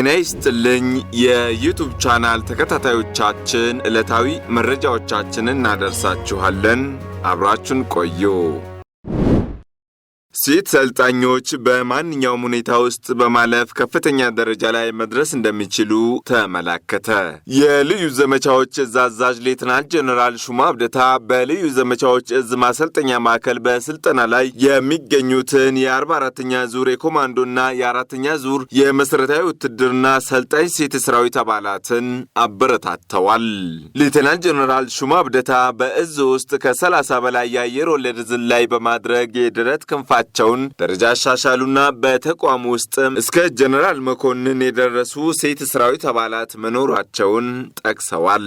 ጤና ይስጥልኝ የዩቱብ ቻናል ተከታታዮቻችን ዕለታዊ መረጃዎቻችንን እናደርሳችኋለን። አብራችን ቆዩ። ሴት ሰልጣኞች በማንኛውም ሁኔታ ውስጥ በማለፍ ከፍተኛ ደረጃ ላይ መድረስ እንደሚችሉ ተመላከተ። የልዩ ዘመቻዎች እዝ አዛዥ ሌትናል ጀኔራል ሹማ አብደታ በልዩ ዘመቻዎች እዝ ማሰልጠኛ ማዕከል በስልጠና ላይ የሚገኙትን የ44ኛ ዙር የኮማንዶና የአራተኛ ዙር የመሠረታዊ ውትድርና ሰልጣኝ ሴት ሰራዊት አባላትን አበረታተዋል። ሌትናል ጀኔራል ሹማ አብደታ በእዝ ውስጥ ከ30 በላይ የአየር ወለድ ዝላይ በማድረግ የደረት ክንፋቸው ትምህርታቸውን ደረጃ ያሻሻሉና በተቋሙ ውስጥም እስከ ጀነራል መኮንን የደረሱ ሴት ሰራዊት አባላት መኖራቸውን ጠቅሰዋል።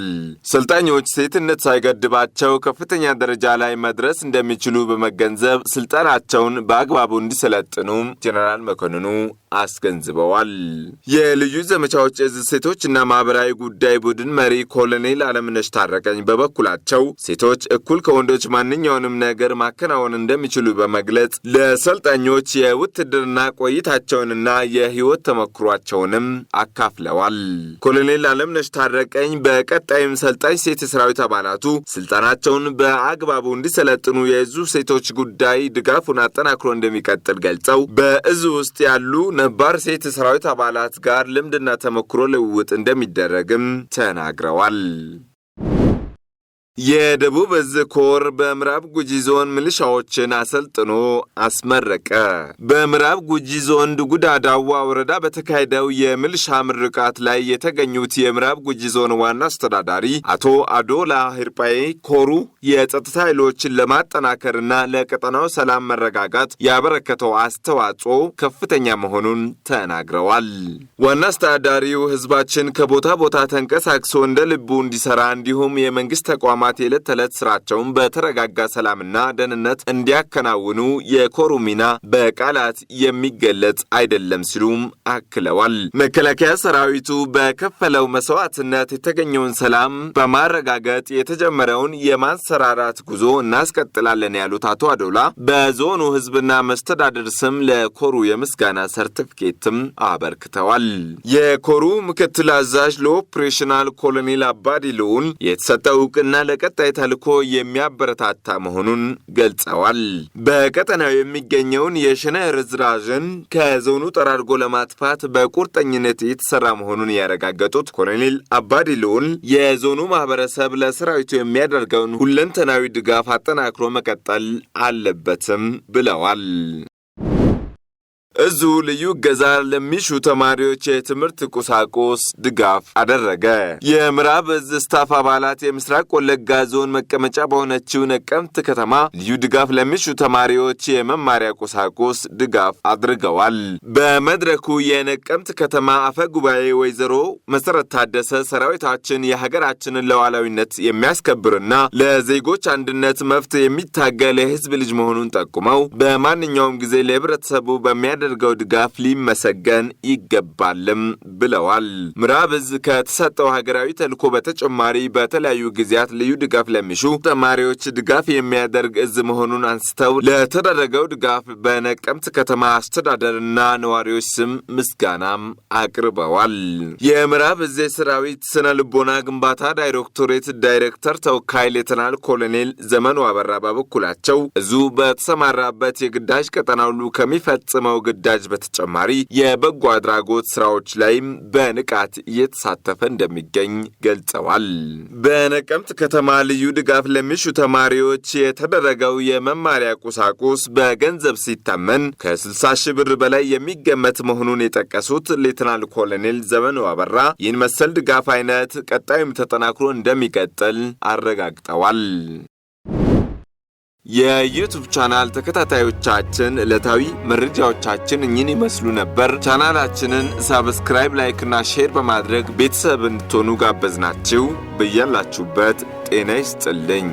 ሰልጣኞች ሴትነት ሳይገድባቸው ከፍተኛ ደረጃ ላይ መድረስ እንደሚችሉ በመገንዘብ ስልጠናቸውን በአግባቡ እንዲሰለጥኑ ጀነራል መኮንኑ አስገንዝበዋል። የልዩ ዘመቻዎች እዝ ሴቶችና ማህበራዊ ጉዳይ ቡድን መሪ ኮሎኔል አለምነሽ ታረቀኝ በበኩላቸው ሴቶች እኩል ከወንዶች ማንኛውንም ነገር ማከናወን እንደሚችሉ በመግለጽ ለሰልጣኞች የውትድርና ቆይታቸውንና የህይወት ተመክሯቸውንም አካፍለዋል። ኮሎኔል አለምነሽ ታረቀኝ በቀጣይም ሰልጣኝ ሴት የሰራዊት አባላቱ ስልጠናቸውን በአግባቡ እንዲሰለጥኑ የእዙ ሴቶች ጉዳይ ድጋፉን አጠናክሮ እንደሚቀጥል ገልጸው በእዙ ውስጥ ያሉ ነባር ሴት ሰራዊት አባላት ጋር ልምድና ተሞክሮ ልውውጥ እንደሚደረግም ተናግረዋል። የደቡብ እዝ ኮር በምዕራብ ጉጂ ዞን ምልሻዎችን አሰልጥኖ አስመረቀ። በምዕራብ ጉጂ ዞን ድጉዳ ዳዋ ወረዳ በተካሄደው የምልሻ ምርቃት ላይ የተገኙት የምዕራብ ጉጂ ዞን ዋና አስተዳዳሪ አቶ አዶላ ሂርጳዬ ኮሩ የጸጥታ ኃይሎችን ለማጠናከርና ለቀጠናው ሰላም መረጋጋት ያበረከተው አስተዋጽኦ ከፍተኛ መሆኑን ተናግረዋል። ዋና አስተዳዳሪው ህዝባችን ከቦታ ቦታ ተንቀሳቅሶ እንደ ልቡ እንዲሰራ እንዲሁም የመንግስት ተቋማት በመግባት የዕለት ተዕለት ስራቸውን በተረጋጋ ሰላምና ደህንነት እንዲያከናውኑ የኮሩ ሚና በቃላት የሚገለጽ አይደለም ሲሉም አክለዋል። መከላከያ ሰራዊቱ በከፈለው መስዋዕትነት የተገኘውን ሰላም በማረጋገጥ የተጀመረውን የማንሰራራት ጉዞ እናስቀጥላለን ያሉት አቶ አዶላ በዞኑ ህዝብና መስተዳድር ስም ለኮሩ የምስጋና ሰርቲፊኬትም አበርክተዋል። የኮሩ ምክትል አዛዥ ለኦፕሬሽናል ኮሎኔል አባዲ ልዑል የተሰጠ እውቅና ለቀጣይ ተልኮ የሚያበረታታ መሆኑን ገልጸዋል። በቀጠናው የሚገኘውን የሸነ ርዝራዥን ከዞኑ ጠራርጎ ለማጥፋት በቁርጠኝነት የተሰራ መሆኑን ያረጋገጡት ኮሎኔል አባዲ ልዑል የዞኑ ማህበረሰብ ለሰራዊቱ የሚያደርገውን ሁለንተናዊ ድጋፍ አጠናክሮ መቀጠል አለበትም ብለዋል። እዙ ልዩ እገዛ ለሚሹ ተማሪዎች የትምህርት ቁሳቁስ ድጋፍ አደረገ። የምዕራብ እዝ ስታፍ አባላት የምስራቅ ወለጋ ዞን መቀመጫ በሆነችው ነቀምት ከተማ ልዩ ድጋፍ ለሚሹ ተማሪዎች የመማሪያ ቁሳቁስ ድጋፍ አድርገዋል። በመድረኩ የነቀምት ከተማ አፈ ጉባኤ ወይዘሮ መሰረት ታደሰ ሰራዊታችን የሀገራችንን ለዋላዊነት የሚያስከብርና ለዜጎች አንድነት መፍት የሚታገል የህዝብ ልጅ መሆኑን ጠቁመው በማንኛውም ጊዜ ለህብረተሰቡ በሚያደርግ ላደረገው ድጋፍ ሊመሰገን ይገባልም ብለዋል። ምዕራብ እዝ ከተሰጠው ሀገራዊ ተልዕኮ በተጨማሪ በተለያዩ ጊዜያት ልዩ ድጋፍ ለሚሹ ተማሪዎች ድጋፍ የሚያደርግ እዝ መሆኑን አንስተው ለተደረገው ድጋፍ በነቀምት ከተማ አስተዳደርና ነዋሪዎች ስም ምስጋናም አቅርበዋል። የምዕራብ እዝ ሰራዊት ስነ ልቦና ግንባታ ዳይሬክቶሬት ዳይሬክተር ተወካይ ሌተናል ኮሎኔል ዘመኑ አበራ በበኩላቸው እዙ በተሰማራበት የግዳጅ ቀጠና ሁሉ ከሚፈጽመው ግድ ግዳጅ በተጨማሪ የበጎ አድራጎት ስራዎች ላይም በንቃት እየተሳተፈ እንደሚገኝ ገልጸዋል። በነቀምት ከተማ ልዩ ድጋፍ ለሚሹ ተማሪዎች የተደረገው የመማሪያ ቁሳቁስ በገንዘብ ሲታመን ከ60 ሺህ ብር በላይ የሚገመት መሆኑን የጠቀሱት ሌትናል ኮሎኔል ዘመኑ አበራ ይህን መሰል ድጋፍ አይነት ቀጣዩም ተጠናክሮ እንደሚቀጥል አረጋግጠዋል። የዩቱብ ቻናል ተከታታዮቻችን ዕለታዊ መረጃዎቻችን እኚህን ይመስሉ ነበር። ቻናላችንን ሳብስክራይብ፣ እና ሼር በማድረግ ቤተሰብ እንድትሆኑ ጋበዝናችሁ። በያላችሁበት ጤና ይስጥልኝ።